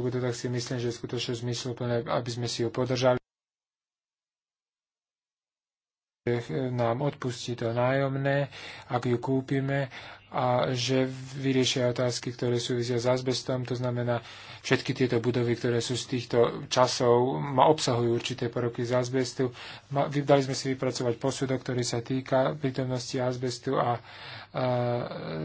budú, tak si myslím, že je skutočne zmysluplné, aby sme si ju podržali. Nám odpustí to nájomné, ak ju kúpime a že vyriešia otázky, ktoré súvisia s azbestom, to znamená všetky tieto budovy, ktoré sú z týchto časov, ma obsahujú určité poroky z azbestu. Ma, vydali sme si vypracovať posudok, ktorý sa týka prítomnosti azbestu a, a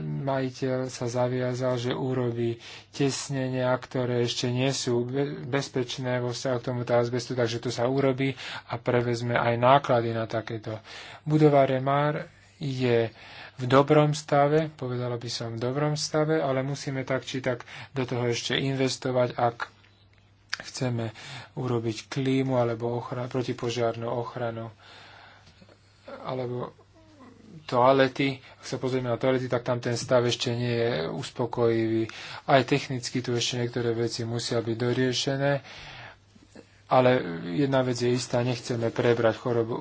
majiteľ sa zaviazal, že urobí tesnenia, ktoré ešte nie sú bezpečné vo vzťahu k tomuto azbestu, takže to sa urobí a prevezme aj náklady na takéto. Budova Remar je v dobrom stave, povedala by som v dobrom stave, ale musíme tak či tak do toho ešte investovať, ak chceme urobiť klímu alebo ochranu protipožiarnú ochranu alebo toalety, ak sa pozrieme na toalety, tak tam ten stav ešte nie je uspokojivý. Aj technicky tu ešte niektoré veci musia byť doriešené, ale jedna vec je istá, nechceme prebrať chorobu,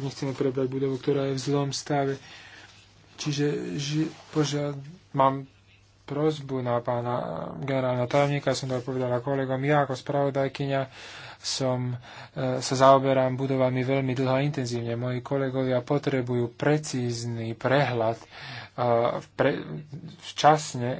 nechceme prebrať budovu, ktorá je v zlom stave. Čiže ži, požiad, mám prozbu na pána generálna tajomníka, som to povedala kolegom, ja ako spravodajkynia som, e, sa zaoberám budovami veľmi dlho a intenzívne. Moji kolegovia potrebujú precízny prehľad e, pre, včasne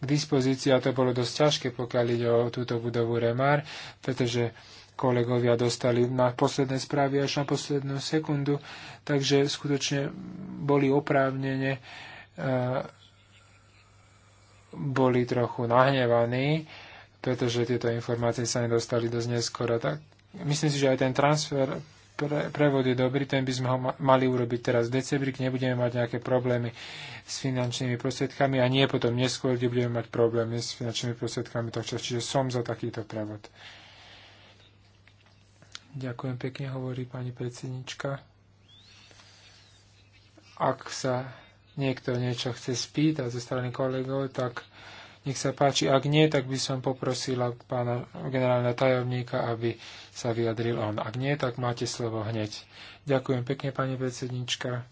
k dispozícii a to bolo dosť ťažké, pokiaľ ide o túto budovu Remar, pretože kolegovia dostali na posledné správy až na poslednú sekundu, takže skutočne boli oprávnene, eh, boli trochu nahnevaní, pretože tieto informácie sa nedostali dosť neskoro. Tak myslím si, že aj ten transfer pre, prevod je dobrý, ten by sme ho ma, mali urobiť teraz v decembri, kde nebudeme mať nejaké problémy s finančnými prostriedkami a nie potom neskôr, kde budeme mať problémy s finančnými prostriedkami tohčas. Čiže som za takýto prevod. Ďakujem pekne, hovorí pani predsednička. Ak sa niekto niečo chce spýtať zo strany kolegov, tak nech sa páči. Ak nie, tak by som poprosila pána generálneho tajomníka, aby sa vyjadril on. Ak nie, tak máte slovo hneď. Ďakujem pekne, pani predsednička.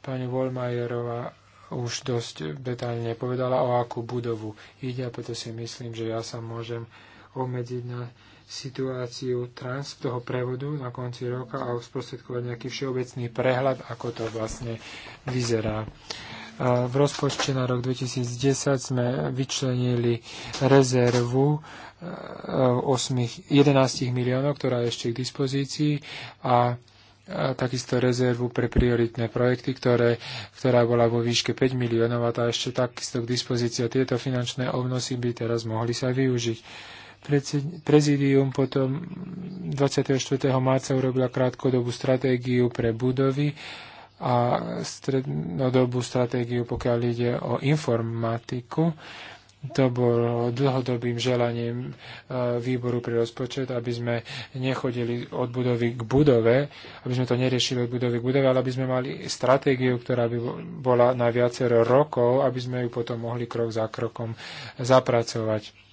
Pani Volmajerová už dosť detálne povedala, o akú budovu ide, a preto si myslím, že ja sa môžem obmedziť na situáciu trans toho prevodu na konci roka a sprostredkovať nejaký všeobecný prehľad, ako to vlastne vyzerá. V rozpočte na rok 2010 sme vyčlenili rezervu 8, e, 11 miliónov, ktorá je ešte k dispozícii a e, takisto rezervu pre prioritné projekty, ktoré, ktorá bola vo výške 5 miliónov a tá ešte takisto k dispozícii. Tieto finančné obnosy by teraz mohli sa využiť. Prezidium potom 24. marca urobila krátkodobú stratégiu pre budovy a strednodobú stratégiu, pokiaľ ide o informatiku. To bolo dlhodobým želaním e, výboru pre rozpočet, aby sme nechodili od budovy k budove, aby sme to neriešili od budovy k budove, ale aby sme mali stratégiu, ktorá by bola na viacero rokov, aby sme ju potom mohli krok za krokom zapracovať.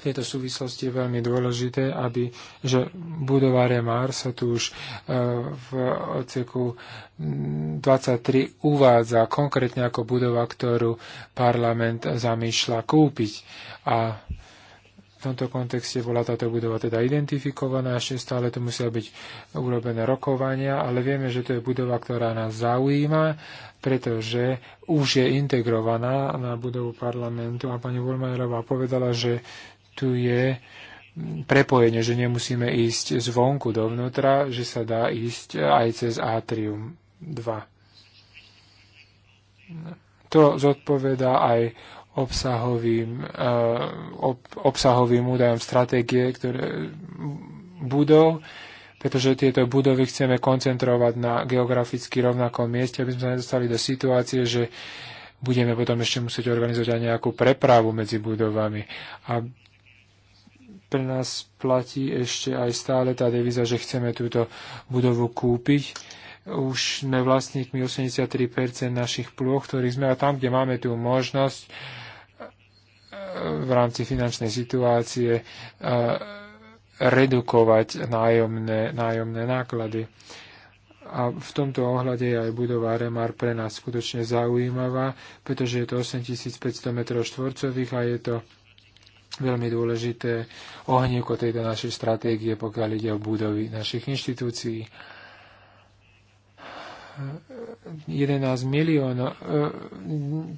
V tejto súvislosti je veľmi dôležité, aby, že budova Remar sa tu už e, v odseku 23 uvádza konkrétne ako budova, ktorú parlament zamýšľa kúpiť. A v tomto kontexte bola táto budova teda identifikovaná, ešte stále to musia byť urobené rokovania, ale vieme, že to je budova, ktorá nás zaujíma, pretože už je integrovaná na budovu parlamentu a pani Volmajerová povedala, že tu je prepojenie, že nemusíme ísť zvonku dovnútra, že sa dá ísť aj cez atrium 2. To zodpovedá aj obsahovým, eh, ob, obsahovým údajom stratégie, ktoré budov, pretože tieto budovy chceme koncentrovať na geograficky rovnakom mieste, aby sme sa nedostali do situácie, že budeme potom ešte musieť organizovať aj nejakú prepravu medzi budovami. A pre nás platí ešte aj stále tá deviza, že chceme túto budovu kúpiť. Už sme vlastníkmi 83% našich plôch, ktorých sme a tam, kde máme tú možnosť v rámci finančnej situácie e, redukovať nájomné, nájomné náklady. A v tomto ohľade je aj budova Remar pre nás skutočne zaujímavá, pretože je to 8500 m štvorcových a je to veľmi dôležité ohnívko tejto našej stratégie, pokiaľ ide o budovy našich inštitúcií. 11 miliónov. E,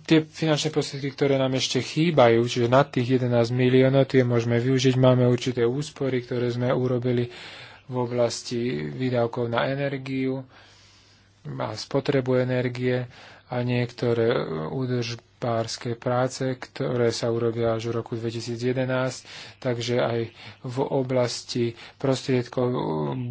tie finančné prostriedky, ktoré nám ešte chýbajú, čiže nad tých 11 miliónov, tie môžeme využiť. Máme určité úspory, ktoré sme urobili v oblasti výdavkov na energiu a spotrebu energie a niektoré údržby párske práce, ktoré sa urobia až v roku 2011, takže aj v oblasti prostriedkov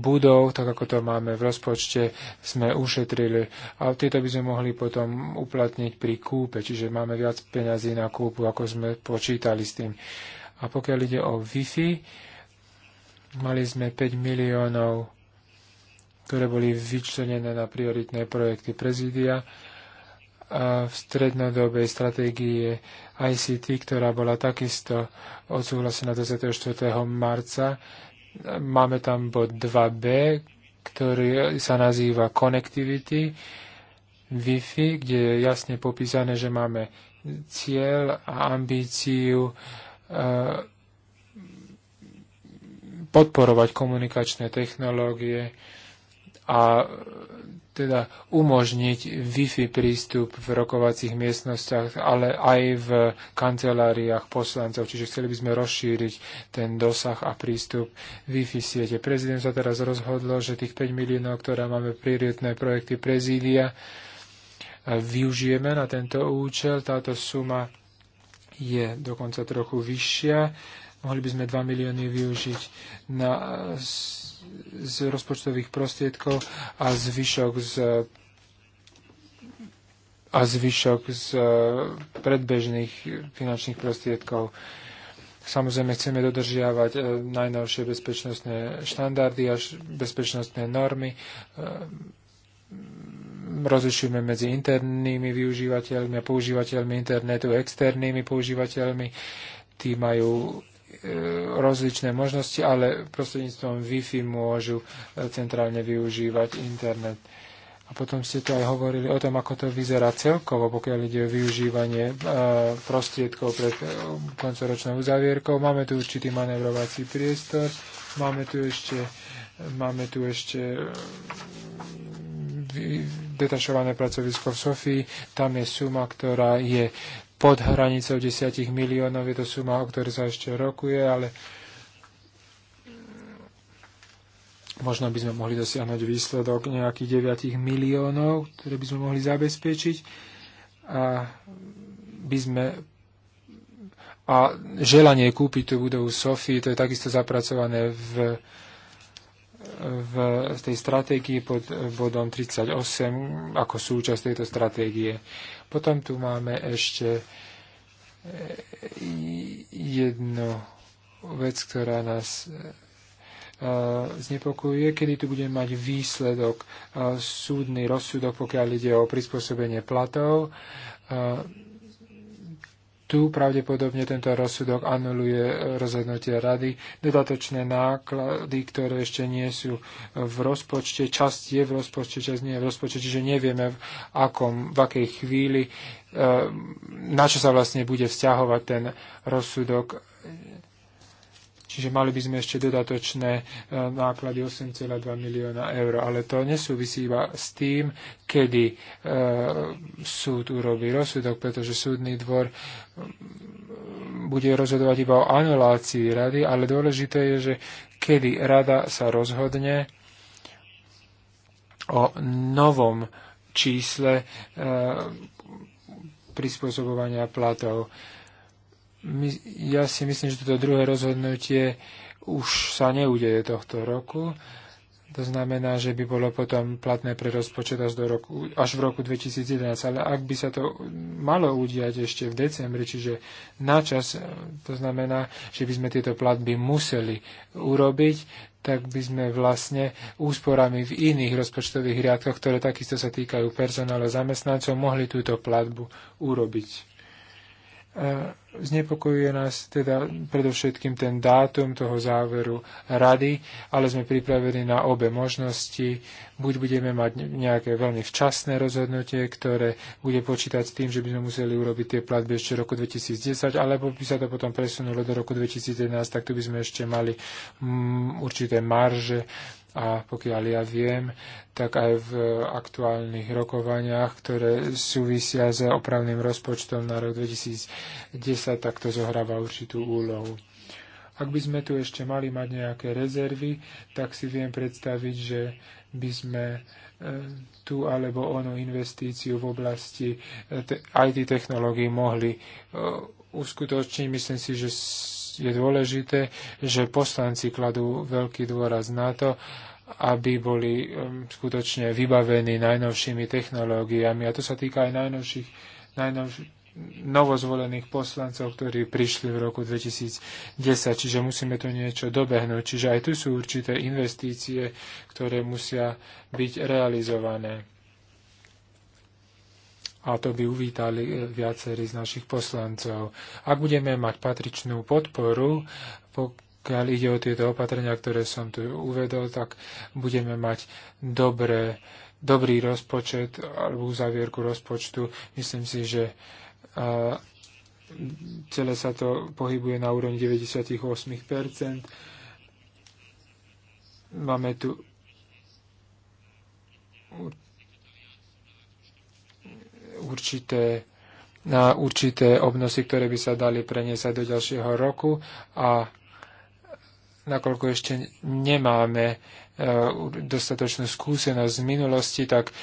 budov, tak ako to máme v rozpočte, sme ušetrili. A tieto by sme mohli potom uplatniť pri kúpe, čiže máme viac peňazí na kúpu, ako sme počítali s tým. A pokiaľ ide o Wi-Fi, mali sme 5 miliónov, ktoré boli vyčlenené na prioritné projekty prezidia v strednodobej stratégie ICT, ktorá bola takisto odsúhlasená 24. marca. Máme tam bod 2b, ktorý sa nazýva Connectivity, Wi-Fi, kde je jasne popísané, že máme cieľ a ambíciu e, podporovať komunikačné technológie a teda umožniť Wi-Fi prístup v rokovacích miestnostiach, ale aj v kanceláriách poslancov. Čiže chceli by sme rozšíriť ten dosah a prístup Wi-Fi siete. Prezident sa teraz rozhodlo, že tých 5 miliónov, ktoré máme prioritné projekty prezídia, využijeme na tento účel. Táto suma je dokonca trochu vyššia. Mohli by sme 2 milióny využiť na z rozpočtových prostriedkov a zvyšok z a zvyšok z e, predbežných finančných prostriedkov. Samozrejme chceme dodržiavať e, najnovšie bezpečnostné štandardy a bezpečnostné normy. E, rozlišujeme medzi internými využívateľmi a používateľmi internetu, externými používateľmi. Tí majú E, rozličné možnosti, ale prostredníctvom Wi-Fi môžu e, centrálne využívať internet. A potom ste tu aj hovorili o tom, ako to vyzerá celkovo, pokiaľ ide o využívanie e, prostriedkov pred koncoročnou uzavierkou. Máme tu určitý manevrovací priestor, máme tu ešte, máme tu ešte detašované pracovisko v Sofii, tam je suma, ktorá je pod hranicou 10 miliónov. Je to suma, o ktorej sa ešte rokuje, ale možno by sme mohli dosiahnuť výsledok nejakých 9 miliónov, ktoré by sme mohli zabezpečiť. A by sme a želanie kúpiť tú budovu Sofii, to je takisto zapracované v v tej stratégii pod bodom 38 ako súčasť tejto stratégie. Potom tu máme ešte e, jednu vec, ktorá nás e, znepokojuje, kedy tu budeme mať výsledok, e, súdny rozsudok, pokiaľ ide o prispôsobenie platov tu pravdepodobne tento rozsudok anuluje e, rozhodnutie rady. Dodatočné náklady, ktoré ešte nie sú v rozpočte, časť je v rozpočte, časť nie je v rozpočte, čiže nevieme v, akom, v akej chvíli, e, na čo sa vlastne bude vzťahovať ten rozsudok Čiže mali by sme ešte dodatočné e, náklady 8,2 milióna eur. Ale to nesúvisí iba s tým, kedy e, súd urobí rozsudok, pretože súdny dvor e, bude rozhodovať iba o anulácii rady, ale dôležité je, že kedy rada sa rozhodne o novom čísle prispôsobovania platov my, ja si myslím, že toto druhé rozhodnutie už sa neudeje tohto roku. To znamená, že by bolo potom platné pre rozpočet až, do roku, až v roku 2011. Ale ak by sa to malo udiať ešte v decembri, čiže načas, e, to znamená, že by sme tieto platby museli urobiť, tak by sme vlastne úsporami v iných rozpočtových riadkoch, ktoré takisto sa týkajú personálu zamestnancov, mohli túto platbu urobiť. Znepokojuje nás teda predovšetkým ten dátum toho záveru rady, ale sme pripravení na obe možnosti. Buď budeme mať nejaké veľmi včasné rozhodnutie, ktoré bude počítať s tým, že by sme museli urobiť tie platby ešte roku 2010, alebo by sa to potom presunulo do roku 2011, tak tu by sme ešte mali mm, určité marže a pokiaľ ja viem, tak aj v aktuálnych rokovaniach, ktoré súvisia s opravným rozpočtom na rok 2010, tak to zohráva určitú úlohu. Ak by sme tu ešte mali mať nejaké rezervy, tak si viem predstaviť, že by sme e, tú alebo onú investíciu v oblasti e, IT technológií mohli e, uskutočniť. Myslím si, že je dôležité, že poslanci kladú veľký dôraz na to, aby boli um, skutočne vybavení najnovšími technológiami. A to sa týka aj najnovších, najnovších novozvolených poslancov, ktorí prišli v roku 2010, čiže musíme to niečo dobehnúť. Čiže aj tu sú určité investície, ktoré musia byť realizované a to by uvítali eh, viacerí z našich poslancov. Ak budeme mať patričnú podporu, pokiaľ ide o tieto opatrenia, ktoré som tu uvedol, tak budeme mať dobré, dobrý rozpočet alebo uzavierku rozpočtu. Myslím si, že a, celé sa to pohybuje na úrovni 98%. Máme tu určité, na určité obnosy, ktoré by sa dali preniesať do ďalšieho roku a nakoľko ešte nemáme e, dostatočnú skúsenosť z minulosti, tak e,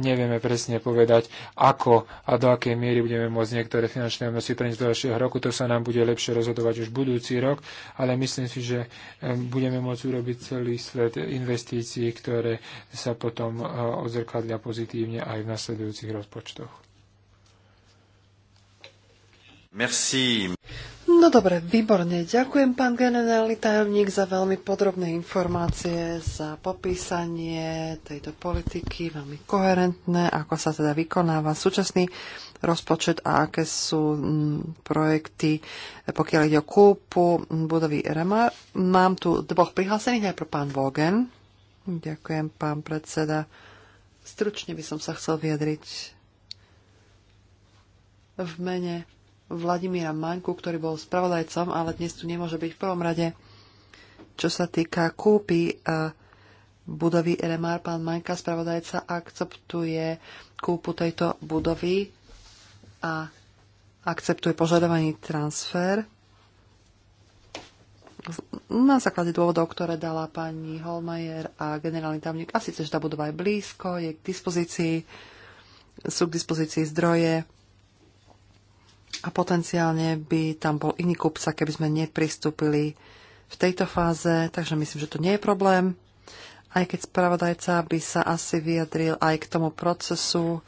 nevieme presne povedať, ako a do akej miery budeme môcť niektoré finančné obnosti preniesť do ďalšieho roku. To sa nám bude lepšie rozhodovať už budúci rok, ale myslím si, že e, budeme môcť urobiť celý sled investícií, ktoré sa potom odzrkadlia pozitívne aj v nasledujúcich rozpočtoch. Merci. No dobre, výborne. Ďakujem, pán generálny tajomník, za veľmi podrobné informácie, za popísanie tejto politiky, veľmi koherentné, ako sa teda vykonáva súčasný rozpočet a aké sú mm, projekty, pokiaľ ide o kúpu mm, budovy RMA. Mám tu dvoch prihlásených, najprv pán Vogen. Ďakujem, pán predseda. Stručne by som sa chcel vyjadriť v mene Vladimíra Maňku, ktorý bol spravodajcom, ale dnes tu nemôže byť v prvom rade. Čo sa týka kúpy e, budovy RMR. pán Maňka, spravodajca, akceptuje kúpu tejto budovy a akceptuje požadovaný transfer na základe dôvodov, ktoré dala pani Holmajer a generálny tajomník, a síce, že tá budova je blízko, je k dispozícii, sú k dispozícii zdroje, a potenciálne by tam bol iný kupca, keby sme nepristúpili v tejto fáze, takže myslím, že to nie je problém. Aj keď spravodajca by sa asi vyjadril aj k tomu procesu,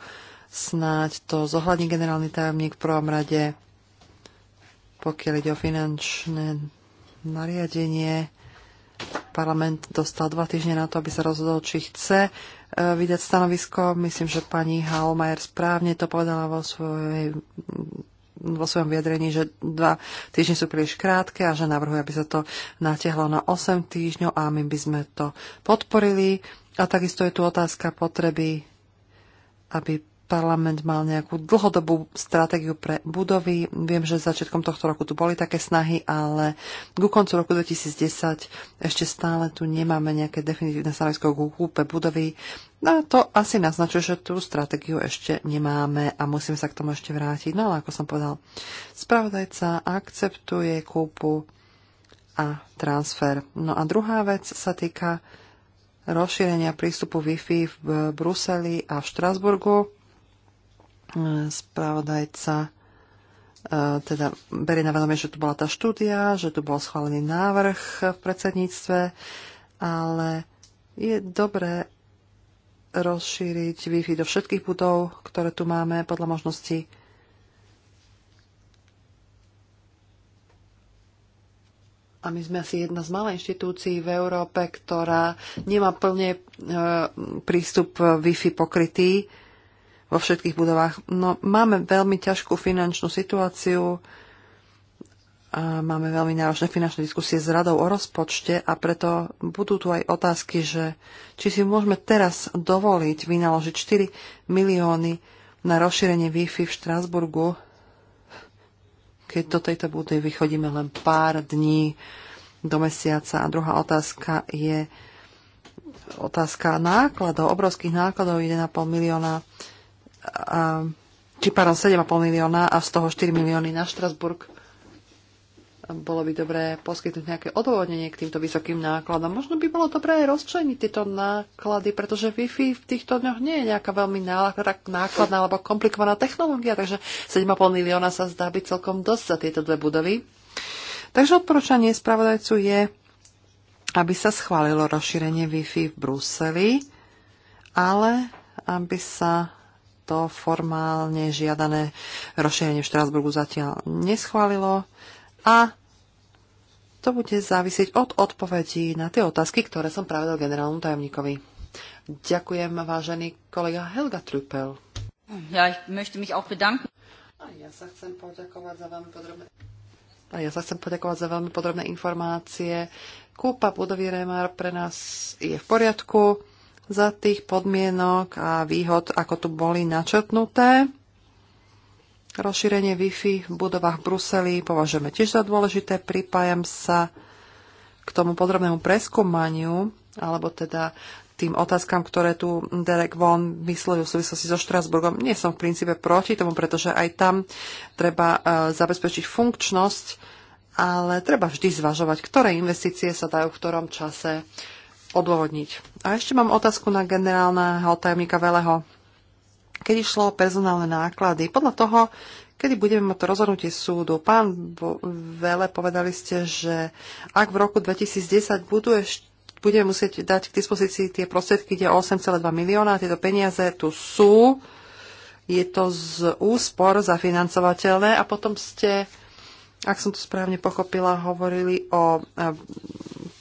snáď to zohľadní generálny tajomník v prvom rade, pokiaľ ide o finančné nariadenie. Parlament dostal dva týždne na to, aby sa rozhodol, či chce e, vydať stanovisko. Myslím, že pani Halmajer správne to povedala vo svojej vo svojom vyjadrení, že dva týždne sú príliš krátke a že navrhuje, aby sa to natiahlo na 8 týždňov a my by sme to podporili. A takisto je tu otázka potreby, aby parlament mal nejakú dlhodobú stratégiu pre budovy. Viem, že začiatkom tohto roku tu boli také snahy, ale ku koncu roku 2010 ešte stále tu nemáme nejaké definitívne stanovisko k kúpe budovy No to asi naznačuje, že tú stratégiu ešte nemáme a musíme sa k tomu ešte vrátiť. No ale ako som povedal, spravodajca akceptuje kúpu a transfer. No a druhá vec sa týka rozšírenia prístupu Wi-Fi v Bruseli a v Štrasburgu. Spravodajca e, teda berie na vedomie, že tu bola tá štúdia, že tu bol schválený návrh v predsedníctve, ale je dobré, rozšíriť Wi-Fi do všetkých budov, ktoré tu máme podľa možností. A my sme asi jedna z malých inštitúcií v Európe, ktorá nemá plne e, prístup Wi-Fi pokrytý vo všetkých budovách. No, máme veľmi ťažkú finančnú situáciu máme veľmi náročné finančné diskusie s radou o rozpočte a preto budú tu aj otázky, že či si môžeme teraz dovoliť vynaložiť 4 milióny na rozšírenie Wi-Fi v Štrásburgu, keď do tejto budy vychodíme len pár dní do mesiaca. A druhá otázka je otázka nákladov, obrovských nákladov 1,5 milióna, a, či pardon, 7,5 milióna a z toho 4 milióny na Štrasburg bolo by dobré poskytnúť nejaké odôvodnenie k týmto vysokým nákladom. Možno by bolo dobré aj rozčleniť tieto náklady, pretože Wi-Fi v týchto dňoch nie je nejaká veľmi nákladná alebo komplikovaná technológia, takže 7,5 milióna sa zdá byť celkom dosť za tieto dve budovy. Takže odporúčanie spravodajcu je, aby sa schválilo rozšírenie Wi-Fi v Bruseli, ale aby sa to formálne žiadané rozšírenie v Štrásburgu zatiaľ neschválilo a to bude závisieť od odpovedí na tie otázky, ktoré som práve dal generálnu tajomníkovi. Ďakujem, vážený kolega Helga Trupel. Ja, ich möchte mich auch bedanken. A ja sa chcem poďakovať za veľmi podrobné... A ja sa chcem poďakovať za veľmi podrobné informácie. Kúpa budovy Remar pre nás je v poriadku za tých podmienok a výhod, ako tu boli načrtnuté. Rozšírenie Wi-Fi v budovách Bruseli považujeme tiež za dôležité. Pripájam sa k tomu podrobnému preskúmaniu, alebo teda tým otázkam, ktoré tu Derek Von vyslovil v súvislosti so Štrasburgom. Nie som v princípe proti tomu, pretože aj tam treba e, zabezpečiť funkčnosť, ale treba vždy zvažovať, ktoré investície sa dajú v ktorom čase odôvodniť. A ešte mám otázku na generálneho tajomníka Veleho keď išlo o personálne náklady. Podľa toho, kedy budeme mať to rozhodnutie súdu. Pán Vele, povedali ste, že ak v roku 2010 budú ešte budeme musieť dať k dispozícii tie prostriedky, kde 8,2 milióna, tieto peniaze tu sú, je to z úspor za financovateľné a potom ste, ak som to správne pochopila, hovorili o e,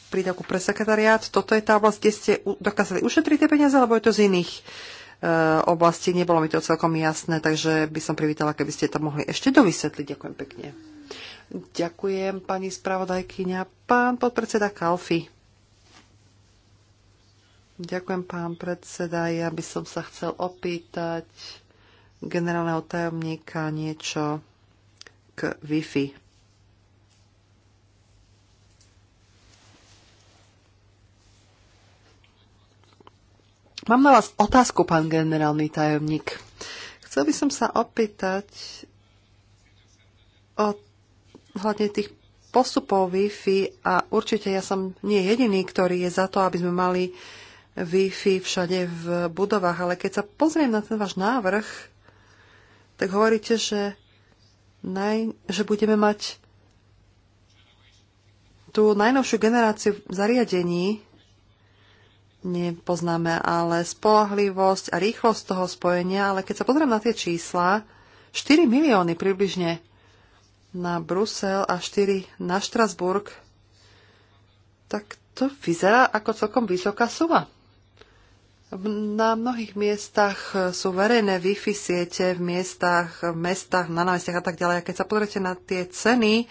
prídavku pre sekretariát. Toto je tá oblasť, kde ste dokázali ušetriť tie peniaze, alebo je to z iných Eh, oblasti. Nebolo mi to celkom jasné, takže by som privítala, keby ste to mohli ešte dovysvetliť. Ďakujem pekne. Ďakujem, pani spravodajkyňa. Pán podpredseda Kalfi. Ďakujem, pán predseda. Ja by som sa chcel opýtať generálneho tajomníka niečo k Wi-Fi. Mám na vás otázku, pán generálny tajomník. Chcel by som sa opýtať o hľadne tých postupov Wi-Fi a určite ja som nie jediný, ktorý je za to, aby sme mali Wi-Fi všade v budovách, ale keď sa pozriem na ten váš návrh, tak hovoríte, že, naj, že budeme mať tú najnovšiu generáciu zariadení nepoznáme, ale spolahlivosť a rýchlosť toho spojenia, ale keď sa pozriem na tie čísla, 4 milióny približne na Brusel a 4 na Štrasburg, tak to vyzerá ako celkom vysoká suma. Na mnohých miestach e, sú verejné Wi-Fi siete v miestach, e, v mestách, na námestiach a tak ďalej. A keď sa pozriete na tie ceny, e,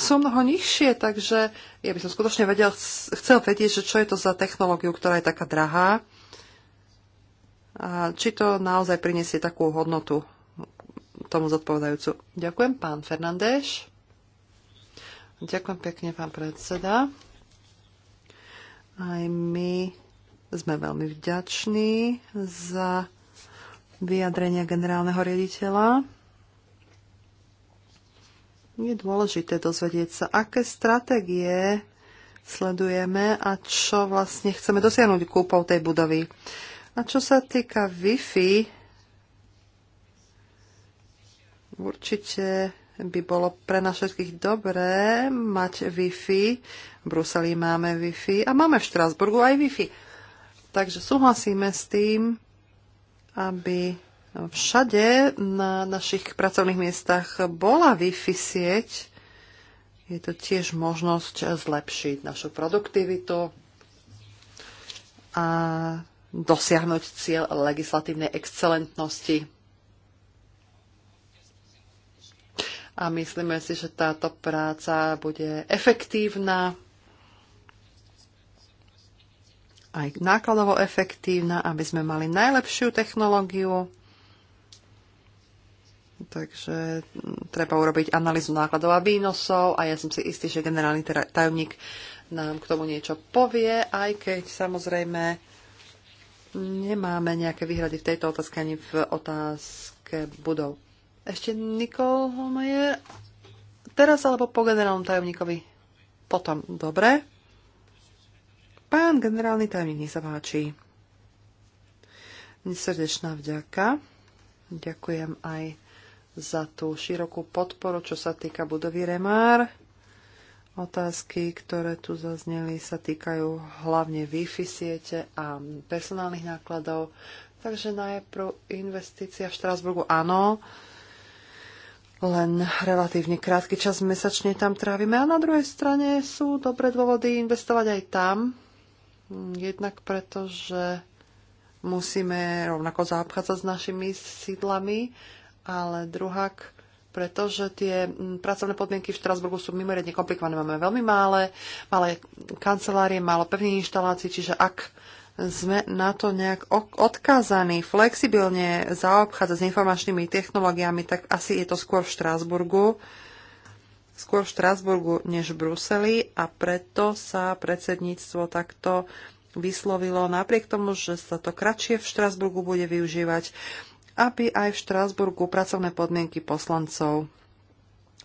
sú mnoho nižšie, takže ja by som skutočne vedel, chcel vedieť, že čo je to za technológiu, ktorá je taká drahá. A či to naozaj prinesie takú hodnotu tomu zodpovedajúcu. Ďakujem, pán Fernandéš. Ďakujem pekne, pán predseda. Aj my sme veľmi vďační za vyjadrenia generálneho riaditeľa. Je dôležité dozvedieť sa, aké stratégie sledujeme a čo vlastne chceme dosiahnuť kúpou tej budovy. A čo sa týka Wi-Fi, určite by bolo pre nás všetkých dobré mať Wi-Fi. V Bruseli máme Wi-Fi a máme v Štrásburgu aj Wi-Fi. Takže súhlasíme s tým, aby všade na našich pracovných miestach bola Wi-Fi sieť. Je to tiež možnosť zlepšiť našu produktivitu a dosiahnuť cieľ legislatívnej excelentnosti. A myslíme si, že táto práca bude efektívna aj nákladovo efektívna, aby sme mali najlepšiu technológiu. Takže mm, treba urobiť analýzu nákladov a výnosov a ja som si istý, že generálny teda- tajomník nám k tomu niečo povie, aj keď samozrejme nemáme nejaké výhrady v tejto otázke ani v otázke budov. Ešte Nikol Holmeyer? Teraz alebo po generálnom tajomníkovi? Potom. Dobre. Pán generálny tajomník, nech sa páči. Srdečná vďaka. Ďakujem aj za tú širokú podporu, čo sa týka budovy Remár. Otázky, ktoré tu zazneli, sa týkajú hlavne Wi-Fi siete a personálnych nákladov. Takže najprv investícia v Štrásburgu, áno, len relatívne krátky čas mesačne tam trávime. A na druhej strane sú dobré dôvody investovať aj tam, Jednak preto, že musíme rovnako zaobchádzať s našimi sídlami, ale druhák pretože tie pracovné podmienky v Štrasburgu sú mimoriadne komplikované. Máme veľmi mále, malé kancelárie, málo pevných inštalácií, čiže ak sme na to nejak odkázaní flexibilne zaobchádzať s informačnými technológiami, tak asi je to skôr v Štrásburgu skôr v Štrásburgu než v Bruseli a preto sa predsedníctvo takto vyslovilo, napriek tomu, že sa to kratšie v Štrásburgu bude využívať, aby aj v Štrásburgu pracovné podmienky poslancov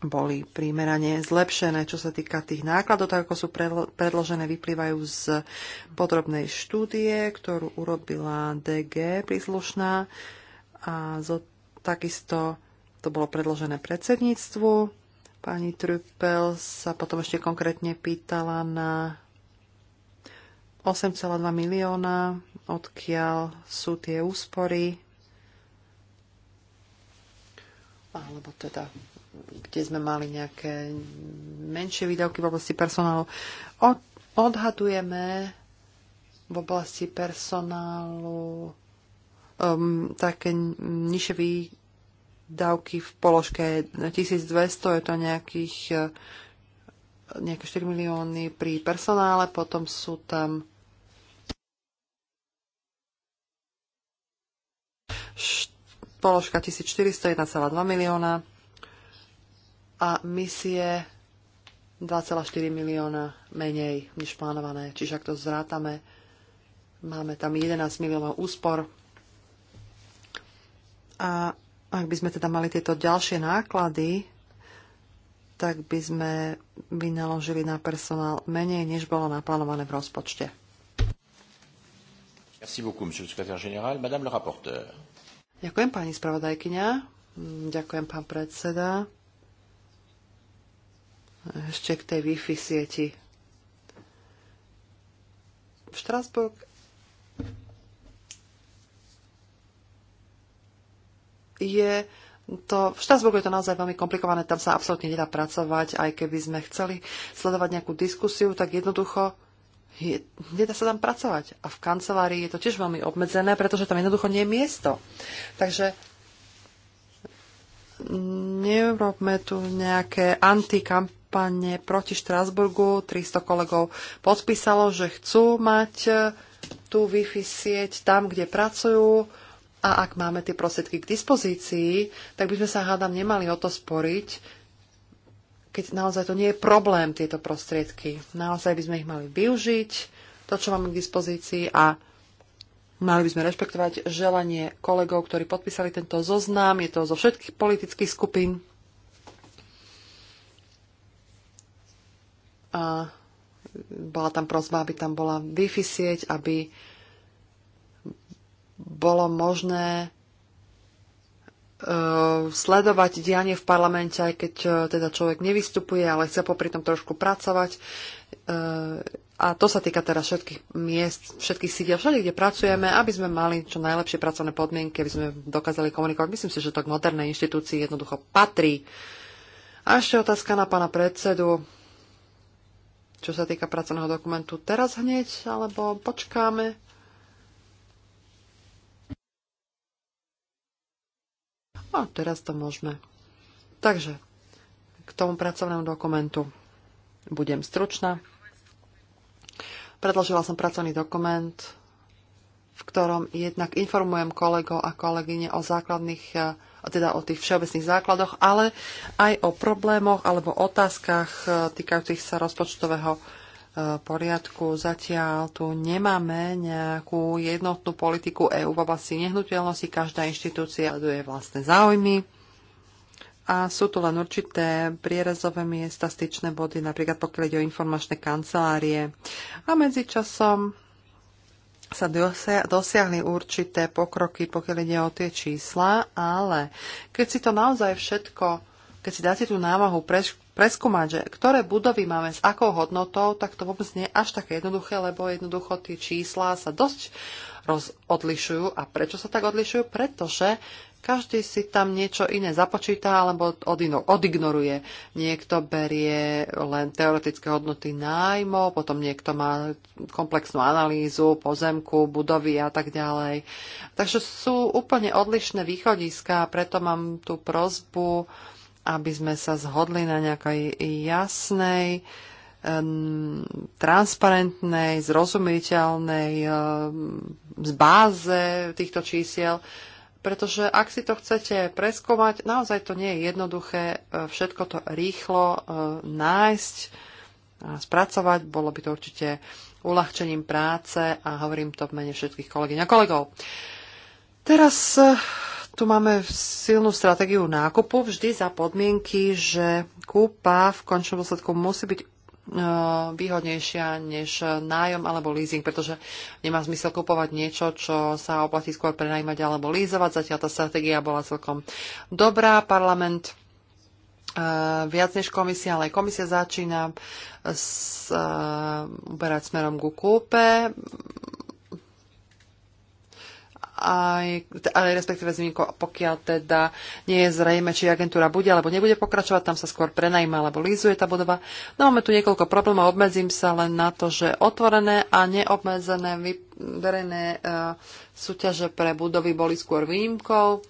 boli primerane zlepšené, čo sa týka tých nákladov, tak ako sú predložené, vyplývajú z podrobnej štúdie, ktorú urobila DG príslušná a zo, takisto to bolo predložené predsedníctvu Pani Trupel sa potom ešte konkrétne pýtala na 8,2 milióna, odkiaľ sú tie úspory, alebo teda kde sme mali nejaké menšie výdavky v oblasti personálu. odhadujeme v oblasti personálu um, také nižšie dávky v položke 1200, je to nejakých e, nejaké 4 milióny pri personále, potom sú tam 4, položka 1400, 1,2 milióna a misie 2,4 milióna menej než plánované. Čiže ak to zrátame, máme tam 11 miliónov úspor a ak by sme teda mali tieto ďalšie náklady, tak by sme vynaložili na personál menej, než bolo naplánované v rozpočte. Merci beaucoup, monsieur le secrétaire général. Madame le rapporteur. Ďakujem, pani spravodajkyňa. Ďakujem, pán predseda. Ešte k tej Wi-Fi sieti. V Štrasburg je to, v Štrasburgu je to naozaj veľmi komplikované, tam sa absolútne nedá pracovať, aj keby sme chceli sledovať nejakú diskusiu, tak jednoducho je, nedá sa tam pracovať. A v kancelárii je to tiež veľmi obmedzené, pretože tam jednoducho nie je miesto. Takže nerobme tu nejaké antikampane proti Štrasburgu. 300 kolegov podpísalo, že chcú mať eh, tú Wi-Fi sieť tam, kde pracujú a ak máme tie prostriedky k dispozícii, tak by sme sa hádam nemali o to sporiť, keď naozaj to nie je problém, tieto prostriedky. Naozaj by sme ich mali využiť, to, čo máme k dispozícii a Mali by sme rešpektovať želanie kolegov, ktorí podpísali tento zoznam. Je to zo všetkých politických skupín. A bola tam prozba, aby tam bola Wi-Fi sieť, aby bolo možné e, sledovať dianie v parlamente, aj keď e, teda človek nevystupuje, ale chce popri tom trošku pracovať. E, a to sa týka teraz všetkých miest, všetkých sídiel, všade, kde pracujeme, aby sme mali čo najlepšie pracovné podmienky, aby sme dokázali komunikovať. Myslím si, že to k modernej inštitúcii jednoducho patrí. A ešte otázka na pána predsedu, čo sa týka pracovného dokumentu. Teraz hneď, alebo počkáme? A teraz to môžeme. Takže, k tomu pracovnému dokumentu budem stručná. Predložila som pracovný dokument, v ktorom jednak informujem kolegov a kolegyne o základných, e, teda o tých všeobecných základoch, ale aj o problémoch alebo otázkach e, týkajúcich sa rozpočtového poriadku. Zatiaľ tu nemáme nejakú jednotnú politiku EÚ v oblasti nehnuteľnosti. Každá inštitúcia hľaduje vlastné záujmy. A sú tu len určité prierezové miesta, styčné body, napríklad pokiaľ ide o informačné kancelárie. A medzičasom sa dosiahli určité pokroky, pokiaľ ide o tie čísla, ale keď si to naozaj všetko keď si dáte tú námahu preš, preskúmať, že ktoré budovy máme s akou hodnotou, tak to vôbec nie je až také jednoduché, lebo jednoducho tie čísla sa dosť roz, odlišujú. A prečo sa tak odlišujú? Pretože každý si tam niečo iné započíta alebo odignoruje. Niekto berie len teoretické hodnoty nájmo, potom niekto má komplexnú analýzu pozemku, budovy a tak ďalej. Takže sú úplne odlišné východiska, preto mám tú prozbu, aby sme sa zhodli na nejakej jasnej, transparentnej, zrozumiteľnej z báze týchto čísiel, pretože ak si to chcete preskovať, naozaj to nie je jednoduché eh, všetko to rýchlo eh, nájsť a spracovať. Bolo by to určite uľahčením práce a hovorím to v mene všetkých kolegyň a kolegov. Teraz eh, tu máme silnú stratégiu nákupu vždy za podmienky, že kúpa v končnom dôsledku musí byť e, výhodnejšia než nájom alebo leasing, pretože nemá zmysel kupovať niečo, čo sa oplatí skôr prenajímať alebo lízovať. Zatiaľ tá stratégia bola celkom dobrá. Parlament e, viac než komisia, ale aj komisia začína s, uh, uberať smerom ku kúpe aj, ale respektíve s pokiaľ teda nie je zrejme, či agentúra bude alebo nebude pokračovať, tam sa skôr prenajíma alebo lízuje tá budova. No máme tu niekoľko problémov, obmedzím sa len na to, že otvorené a neobmedzené verejné uh, súťaže pre budovy boli skôr výnimkou.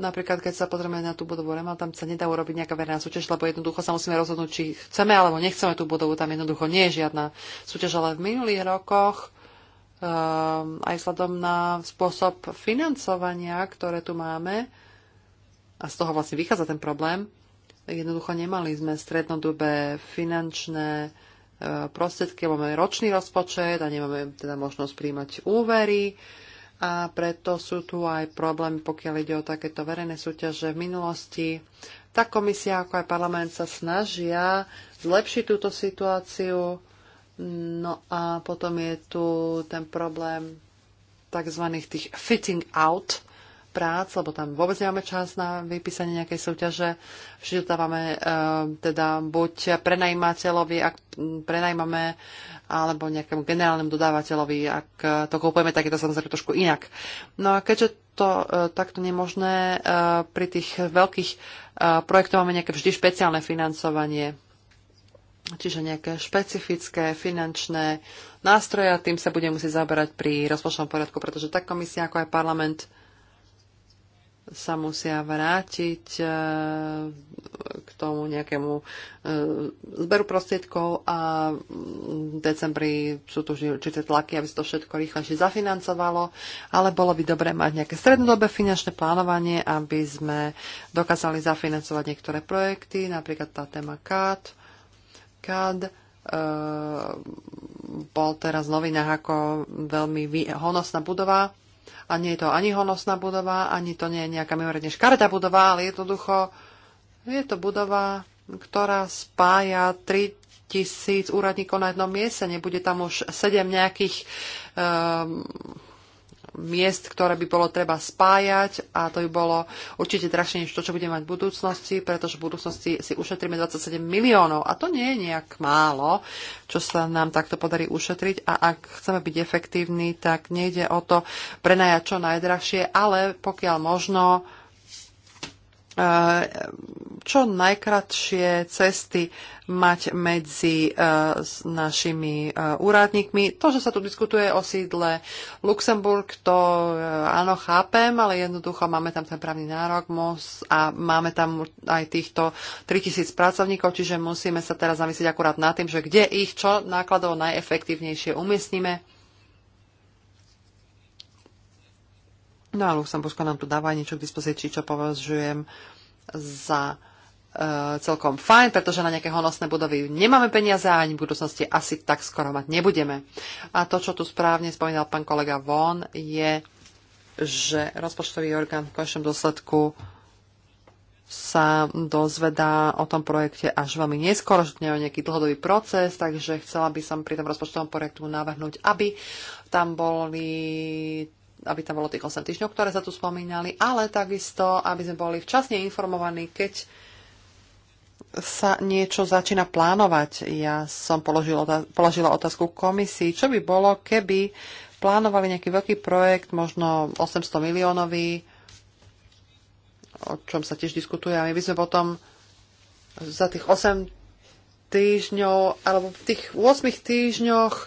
Napríklad, keď sa pozrieme na tú budovu Remal, tam sa nedá urobiť nejaká verejná súťaž, lebo jednoducho sa musíme rozhodnúť, či chceme alebo nechceme tú budovu. Tam jednoducho nie je žiadna súťaž, ale v minulých rokoch Ehm, aj vzhľadom na spôsob financovania, ktoré tu máme, a z toho vlastne vychádza ten problém, jednoducho nemali sme strednodobé finančné ehm, prostriedky, máme ročný rozpočet a nemáme teda možnosť príjmať úvery a preto sú tu aj problémy, pokiaľ ide o takéto verejné súťaže v minulosti. Tá komisia ako aj parlament sa snažia zlepšiť túto situáciu, No a potom je tu ten problém tzv. tých fitting out prác, lebo tam vôbec nemáme čas na vypísanie nejakej súťaže. Vždy dávame e, teda buď prenajímateľovi, ak prenajímame, alebo nejakému generálnemu dodávateľovi, ak to kúpujeme, tak je to samozrejme trošku inak. No a keďže to e, takto nemožné, e, pri tých veľkých e, projektoch máme nejaké vždy špeciálne financovanie čiže nejaké špecifické finančné nástroje a tým sa bude musieť zaberať pri rozpočtovom poriadku, pretože tak komisia ako aj parlament sa musia vrátiť e, k tomu nejakému e, zberu prostriedkov a v decembri sú tu určité tlaky, aby sa to všetko rýchlejšie zafinancovalo, ale bolo by dobré mať nejaké strednodobé finančné plánovanie, aby sme dokázali zafinancovať niektoré projekty, napríklad tá téma CAD, e, bol teraz v novinách ako veľmi honosná budova. A nie je to ani honosná budova, ani to nie je nejaká mimoriadne škaredá budova, ale jednoducho je to budova, ktorá spája 3000 úradníkov na jednom mieste. Nebude tam už 7 nejakých e, miest, ktoré by bolo treba spájať a to by bolo určite drahšie než to, čo budeme mať v budúcnosti, pretože v budúcnosti si ušetríme 27 miliónov a to nie je nejak málo, čo sa nám takto podarí ušetriť a ak chceme byť efektívni, tak nejde o to prenajať čo najdrahšie, ale pokiaľ možno Eh, čo najkratšie cesty mať medzi eh, s našimi eh, úradníkmi. To, že sa tu diskutuje o sídle Luxemburg, to áno, chápem, ale jednoducho máme tam ten právny nárok most a máme tam aj týchto 3000 pracovníkov, čiže musíme sa teraz zamyslieť akurát nad tým, že kde ich čo nákladov najefektívnejšie umiestnime No a Luxembursko nám tu dáva niečo k dispozícii, čo považujem za e, celkom fajn, pretože na nejaké honosné budovy nemáme peniaze a ani v budúcnosti asi tak skoro mať nebudeme. A to, čo tu správne spomínal pán kolega Von, je, že rozpočtový orgán v konečnom dôsledku sa dozvedá o tom projekte až veľmi neskoro, že je nejaký dlhodobý proces, takže chcela by som pri tom rozpočtovom projektu navrhnúť, aby tam boli aby tam bolo tých 8 týždňov, ktoré sa tu spomínali, ale takisto, aby sme boli včasne informovaní, keď sa niečo začína plánovať. Ja som položila, otázku komisii, čo by bolo, keby plánovali nejaký veľký projekt, možno 800 miliónový, o čom sa tiež diskutuje. A my by sme potom za tých 8 týždňov, alebo v tých 8 týždňoch e,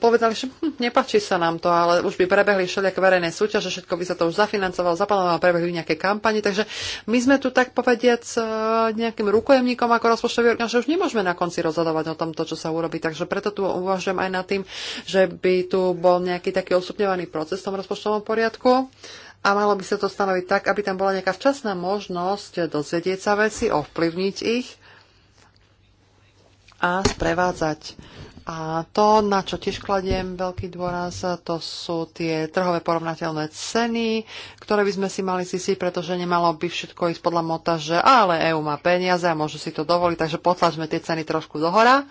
povedali, že hm, nepáči sa nám to, ale už by prebehli všelijaké verejné súťaže, všetko by sa to už zafinancovalo, zaplánovalo, prebehli nejaké kampane, takže my sme tu tak povediac e, nejakým rukojemníkom ako rozpočtový orgán, že už nemôžeme na konci rozhodovať o tom to, čo sa urobí, takže preto tu uvažujem aj nad tým, že by tu bol nejaký taký osupňovaný proces v tom rozpočtovom poriadku a malo by sa to stanoviť tak, aby tam bola nejaká včasná možnosť dozvedieť sa veci, ovplyvniť ich a sprevádzať. A to, na čo tiež kladiem veľký dôraz, to sú tie trhové porovnateľné ceny, ktoré by sme si mali zistiť, pretože nemalo by všetko ísť podľa mota, že ale EU má peniaze a môžu si to dovoliť, takže potlačme tie ceny trošku dohora.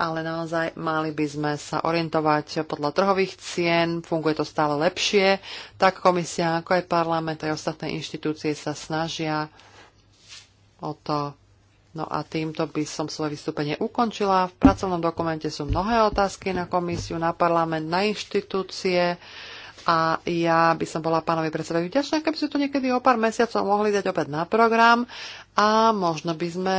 Ale naozaj mali by sme sa orientovať podľa trhových cien, funguje to stále lepšie, tak komisia ako aj parlament aj ostatné inštitúcie sa snažia o to No a týmto by som svoje vystúpenie ukončila. V pracovnom dokumente sú mnohé otázky na komisiu, na parlament, na inštitúcie a ja by som bola pánovi predsedovi vďačná, keby sme to niekedy o pár mesiacov mohli dať opäť na program a možno by sme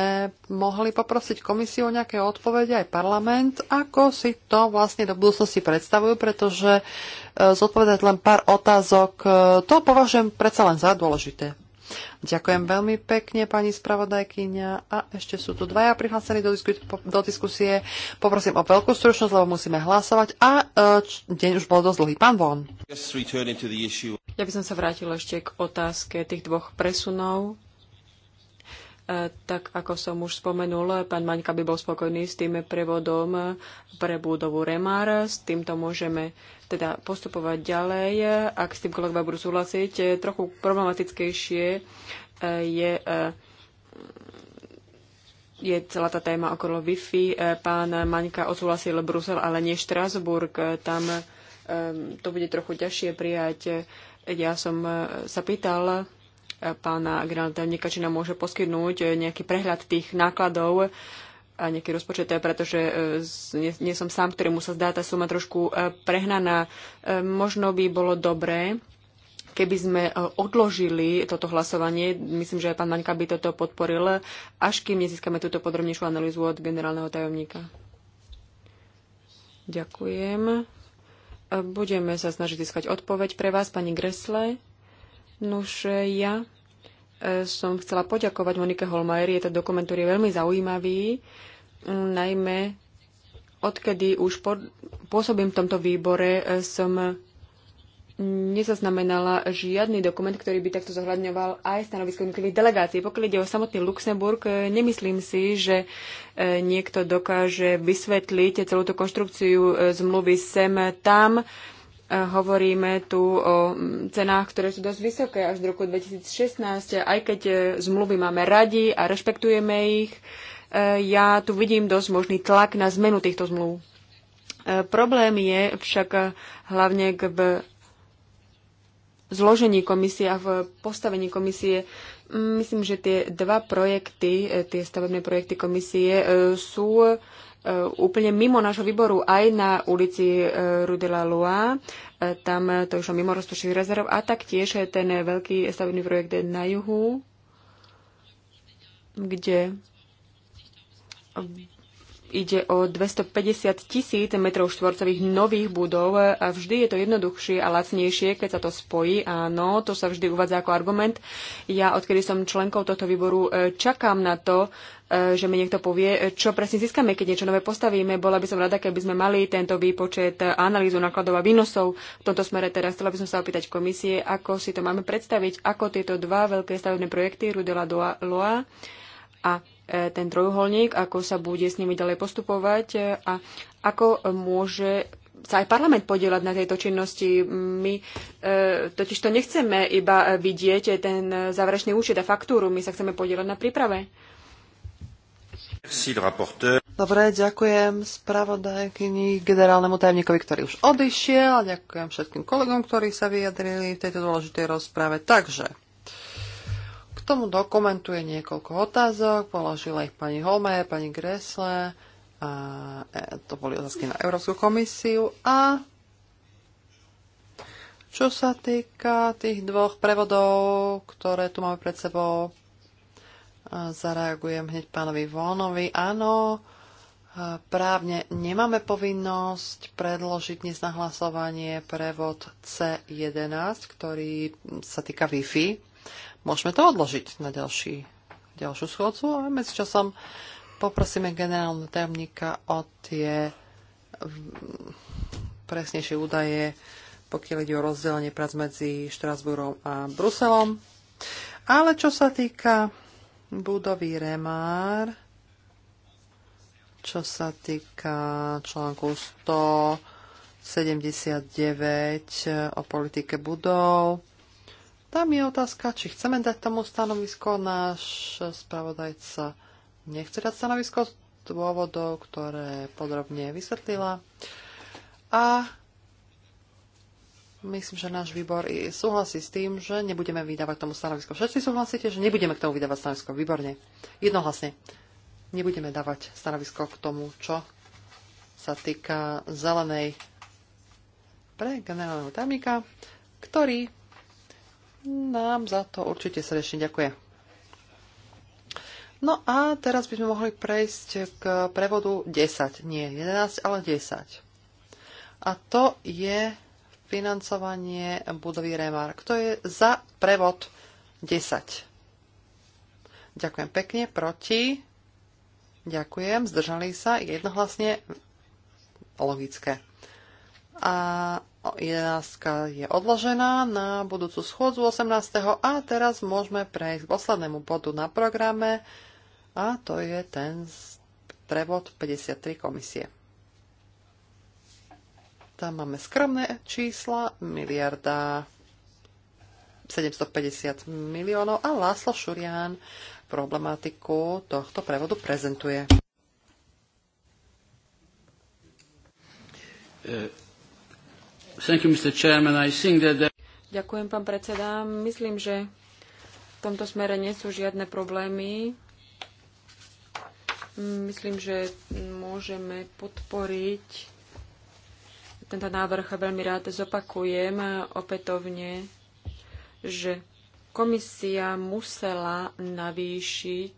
mohli poprosiť komisiu o nejaké odpovede aj parlament, ako si to vlastne do budúcnosti predstavujú, pretože e, zodpovedať len pár otázok, e, to považujem predsa len za dôležité. Ďakujem veľmi pekne, pani spravodajkyňa. A ešte sú tu dvaja prihlásení do, diskus- do diskusie. Poprosím o veľkú stručnosť, lebo musíme hlasovať. A e, deň už bol dosť dlhý. Pán Von. Ja by som sa vrátil ešte k otázke tých dvoch presunov tak ako som už spomenul, pán Maňka by bol spokojný s tým prevodom pre budovu Remar. S týmto môžeme teda postupovať ďalej. Ak s tým kolegovia budú súhlasiť, trochu problematickejšie eh, je eh, je celá tá téma okolo Wi-Fi. Eh, pán Maňka odsúhlasil Brusel, ale nie Štrasburg. Tam to bude trochu ťažšie prijať. Ja som sa pýtal pána generálneho tajomníka, či nám môže poskytnúť eh, nejaký prehľad tých nákladov a nejaký rozpočet, eh, pretože eh, nie, nie som sám, ktorému sa zdá tá suma trošku prehnaná. Možno by bolo dobré, keby sme odložili toto hlasovanie, myslím, že aj pán Maňka by toto podporil, až kým nezískame túto podrobnejšiu analýzu od generálneho tajomníka. Ďakujem. Budeme sa snažiť získať odpoveď pre vás, pani Gresle. Nuž e, ja e, som chcela poďakovať Monike Holmajer. Je to dokument, ktorý je veľmi zaujímavý, mm, najmä odkedy už po, pôsobím v tomto výbore, e, som nezaznamenala žiadny dokument, ktorý by takto zohľadňoval aj stanovisko jednotlivých delegácií. Pokiaľ ide o samotný Luxemburg, nemyslím si, že niekto dokáže vysvetliť celú tú konštrukciu zmluvy sem tam hovoríme tu o cenách, ktoré sú dosť vysoké až do roku 2016, aj keď e, zmluvy máme radi a rešpektujeme ich, e, ja tu vidím dosť možný tlak na zmenu týchto zmluv. E, problém je však hlavne v zložení komisie a v postavení komisie. Myslím, že tie dva projekty, tie stavebné projekty komisie sú E, úplne mimo nášho výboru, aj na ulici e, Rue de la e, Tam to išlo mimo rozpočtových rezerv a taktiež ten veľký stavebný projekt na juhu, kde Ide o 250 tisíc metrov štvorcových nových budov a vždy je to jednoduchšie a lacnejšie, keď sa to spojí. Áno, to sa vždy uvádza ako argument. Ja, odkedy som členkou tohto výboru, e, čakám na to, e, že mi niekto povie, čo presne získame, keď niečo nové postavíme. Bola by som rada, keby sme mali tento výpočet analýzu nákladov a výnosov. V tomto smere teraz chcela by som sa opýtať komisie, ako si to máme predstaviť, ako tieto dva veľké stavebné projekty Rudela Loa a E, ten trojuholník, ako sa bude s nimi ďalej postupovať e, a ako môže sa aj parlament podielať na tejto činnosti. My e, totiž to nechceme iba vidieť ten záverečný účet a faktúru, my sa chceme podielať na príprave. Dobre, ďakujem spravodajkyni generálnemu tajemníkovi, ktorý už odišiel a ďakujem všetkým kolegom, ktorí sa vyjadrili v tejto dôležitej rozprave. Takže k tomu dokumentu je niekoľko otázok, položila ich pani Holme, pani Gresle, a e, to boli otázky na Európsku komisiu a čo sa týka tých dvoch prevodov, ktoré tu máme pred sebou, zareagujem hneď pánovi Vónovi. Áno, právne nemáme povinnosť predložiť dnes na hlasovanie prevod C11, ktorý sa týka Wi-Fi môžeme to odložiť na ďalší, ďalšiu schôdzu a medzičasom poprosíme generálneho tajomníka o tie presnejšie údaje, pokiaľ ide o rozdelenie prác medzi Štrasburom a Bruselom. Ale čo sa týka budovy Remár, čo sa týka článku 179 o politike budov, tam je otázka, či chceme dať tomu stanovisko. Náš spravodajca nechce dať stanovisko z dôvodov, ktoré podrobne vysvetlila. A myslím, že náš výbor i súhlasí s tým, že nebudeme vydávať tomu stanovisko. Všetci súhlasíte, že nebudeme k tomu vydávať stanovisko. Výborne. Jednohlasne. Nebudeme dávať stanovisko k tomu, čo sa týka zelenej pre generálneho tajomníka, ktorý nám za to určite srdečne ďakujem. No a teraz by sme mohli prejsť k prevodu 10, nie 11, ale 10. A to je financovanie budovy Remark. To je za prevod 10. Ďakujem pekne, proti. Ďakujem, zdržali sa, jednohlasne logické a 11 je odložená na budúcu schôdzu 18. a teraz môžeme prejsť k poslednému bodu na programe a to je ten prevod 53 komisie. Tam máme skromné čísla, miliarda 750 miliónov a Láslo Šurián problematiku tohto prevodu prezentuje. E, You, that... Ďakujem, pán predseda. Myslím, že v tomto smere nie sú žiadne problémy. Myslím, že môžeme podporiť tento návrh a veľmi rád zopakujem opätovne, že komisia musela navýšiť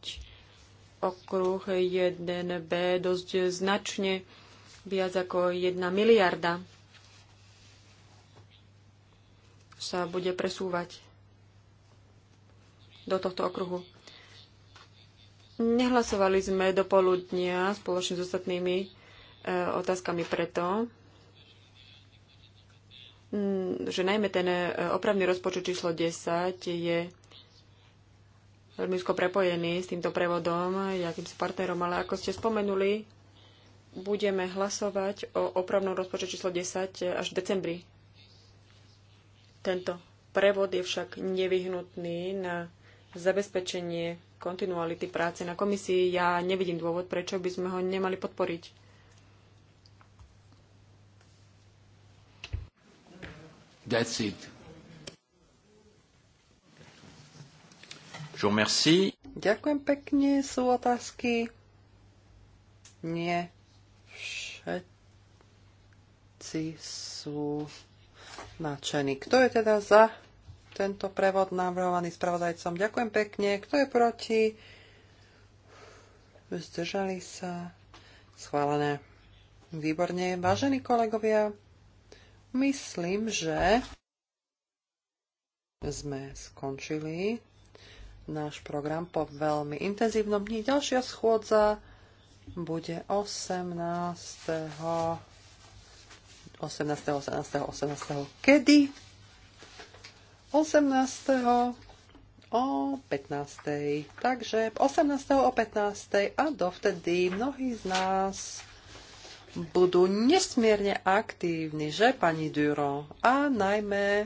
okruh 1B dosť značne viac ako 1 miliarda sa bude presúvať do tohto okruhu. Nehlasovali sme do poludnia spoločne s ostatnými e, otázkami preto, mm, že najmä ten e, opravný rozpočet číslo 10 je veľmi úzko prepojený s týmto prevodom, jakým si partnerom, ale ako ste spomenuli, budeme hlasovať o opravnom rozpočet číslo 10 až v decembri. Tento prevod je však nevyhnutný na zabezpečenie kontinuality práce na komisii. Ja nevidím dôvod, prečo by sme ho nemali podporiť. That's it. Je merci. Ďakujem pekne. Sú otázky? Nie. Všetci sú nadšení. Kto je teda za tento prevod navrhovaný spravodajcom? Ďakujem pekne. Kto je proti? Zdržali sa. Schválené. Výborne. Vážení kolegovia, myslím, že sme skončili náš program po veľmi intenzívnom dni. Ďalšia schôdza bude 18. 18. 18. 18. Kedy? 18. o 15. Takže 18. o 15. a dovtedy mnohí z nás budú nesmierne aktívni, že, pani Duro? A najmä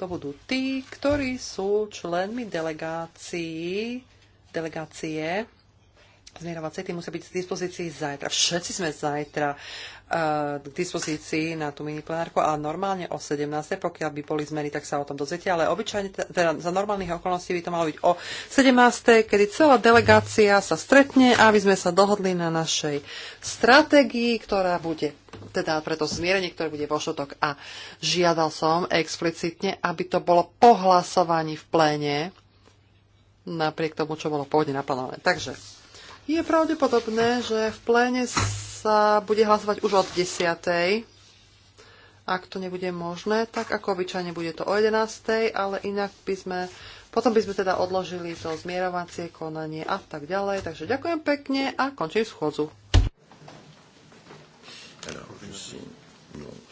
to budú tí, ktorí sú členmi delegácií, delegácie zmierovacej, tým musia byť k dispozícii zajtra. Všetci sme zajtra eh, k dispozícii na tú mini plenárku, ale normálne o 17. Pokiaľ by boli zmeny, tak sa o tom dozviete, ale obyčajne, teda za normálnych okolností by to malo byť o 17. kedy celá delegácia sa stretne, aby sme sa dohodli na našej stratégii, ktorá bude teda preto zmierenie, ktoré bude vo šotok. A žiadal som explicitne, aby to bolo po hlasovaní v pléne, napriek tomu, čo bolo pôvodne naplánované. Takže je pravdepodobné, že v pléne sa bude hlasovať už od 10. Ak to nebude možné, tak ako obyčajne bude to o 11. Ale inak by sme, potom by sme teda odložili to zmierovacie konanie a tak ďalej. Takže ďakujem pekne a končím schôdzu. Alors, je no.